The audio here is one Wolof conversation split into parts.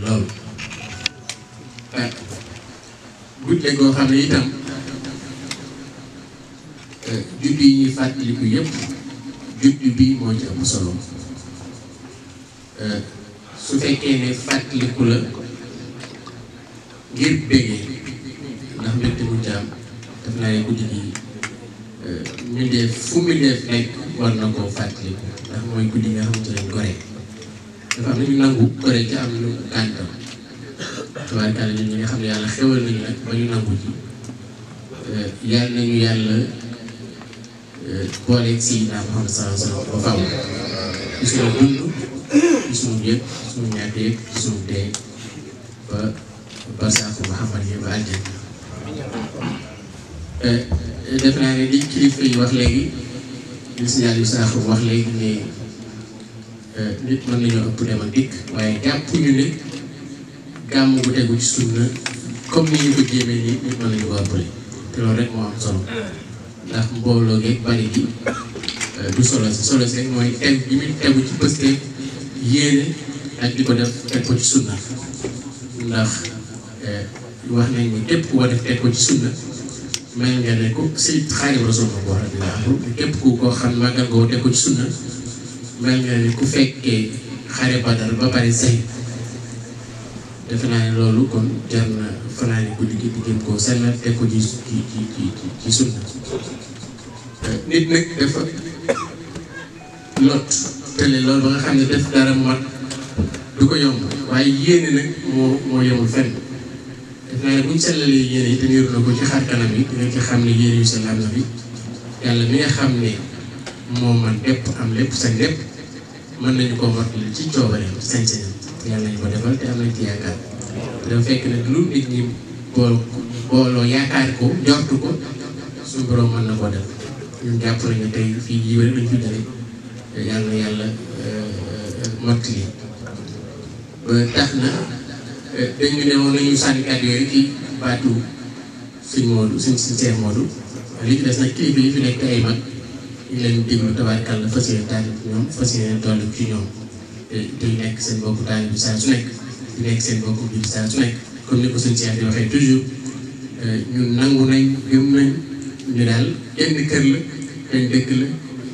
lool gudde goo xam ne itam juddu yi ñuy fàttaliku yëpp juddu bi moo ci am solo su fekkee ne fàttaliku la ngir bégee ndax mbégte mu jaam def naa ne guddi gi ñu def fu mu def nekk war na koo fàttaliku ndax mooy guddi nga xam ci lañ goree dafa am nañu nangu kuréel gi am nañu gaañ tam tubaarkàlla ñi nga xam ne yàlla xewal nañu nag ba ñu nangu ji euh, yàlla nañu yàlla euh, booleeg Sayyidinaa Muhammad sallallaahu alayhi wa sallam ba faaw ci suñu dund ci suñu yëg ci suñu ñàkk yëg ci suñu dee ba barsaaku Muhammad ba àjjana euh, def naa ne li kilifa yi wax léegi li signal yu saaxu wax léegi ne Euh, nit mën nañoo ëpp dem ak dikk waaye jàpp ñu ne gàmm bu tegu ci sunna comme ni ñu ko jéemee nii nit mën nañu ko am mbooloo geeg bari gi euh, du solo si solo si mooy teg bi muy tegu ci pëste yéene ak di ko def teg ko ci sunna ndax euh, wax nañ ni képp ku ko def teg ko ci sunna mel nga ne ko si Xaadimu ko wax la képp ku ko xam màggal ko teg ko ci sunna mel na ni defe naa ne loolu koo sellal teg ko ci ci ci ci sunna nit nag dafa lot tele loolu ba nga xam ne def dara mat du ko yomb waaye yéene nag moo moo yemul fenn def naa ne buñ sellalee yéene yi te niiru na ko ci xar kanam yi dina xam ne yéene yu sell am na yàlla mi xam ne moo man lépp am lépp sañ lépp mën nañu ko mottali ci coobareem sañ-sañam te yàlla nañu defal te am ci yaakaar dafa fekk nag lu nit ñi bool booloo yaakaar ko jortu ko suñu borom mën na ko def ñun jàpp ñu tey fii jiw rek lañ fi jëlee yàlla na yàlla euh, mottali ba tax na euh, dañu ne woon nañu sànni yooyu ci baatu suñ Moodu suñ suñ seen Moodu li ci des nag kilifa yi fi nekk mag. leen déglu tabaarkàlla fas yéene taalib ci ñoom fas yéene dolli ci ñoom di nekk seen bopp taalib saa su nekk di nekk seen bopp bi saa su nekk e, ñu daal genn kër la la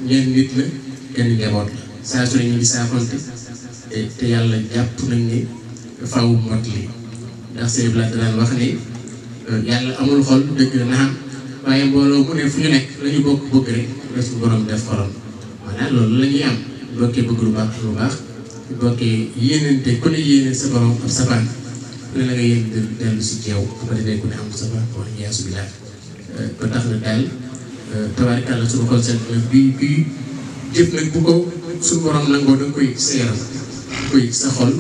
ñenn nit la genn njaboot la saa su ne ñu ngi saafonte e, te yàlla jàpp nañ ne faaw mot lii ndax sëñ Blanc daan wax ni e, yàlla amul xol dëgg la naam. waaye mbooloo mu ne fu ñu nekk la ñu bokk bëgg rek la suñu borom def xorom maanaam loolu la ñuy am bokkee bëgg lu baax lu baax bokkee yéenante ku ne yéene sa borom ab safaan ku la nga ko defee ku ne am safaan wax yaasu bi euh, tax na daal euh, tabaarkàlla suñu xol borom nangoo da koy yëg sa yaram da koy yëg sa xol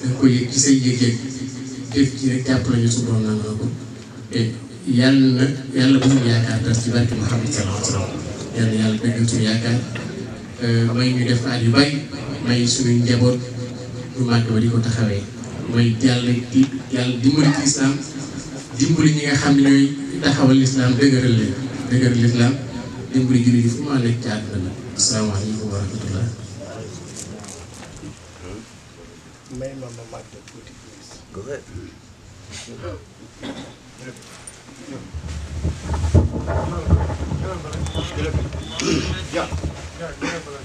da koy yëg ci say yëg-yëg jëf borom nangoo ko yàlla na yàlla bu ñu yaakaar tas ci barke Muhammad def at ba di ko taxawee may yàlla ñi nga xam ne ñooy taxawal islam dëgëral leen ci àdduna la Gel. Gel. Gel. Gel. Gel.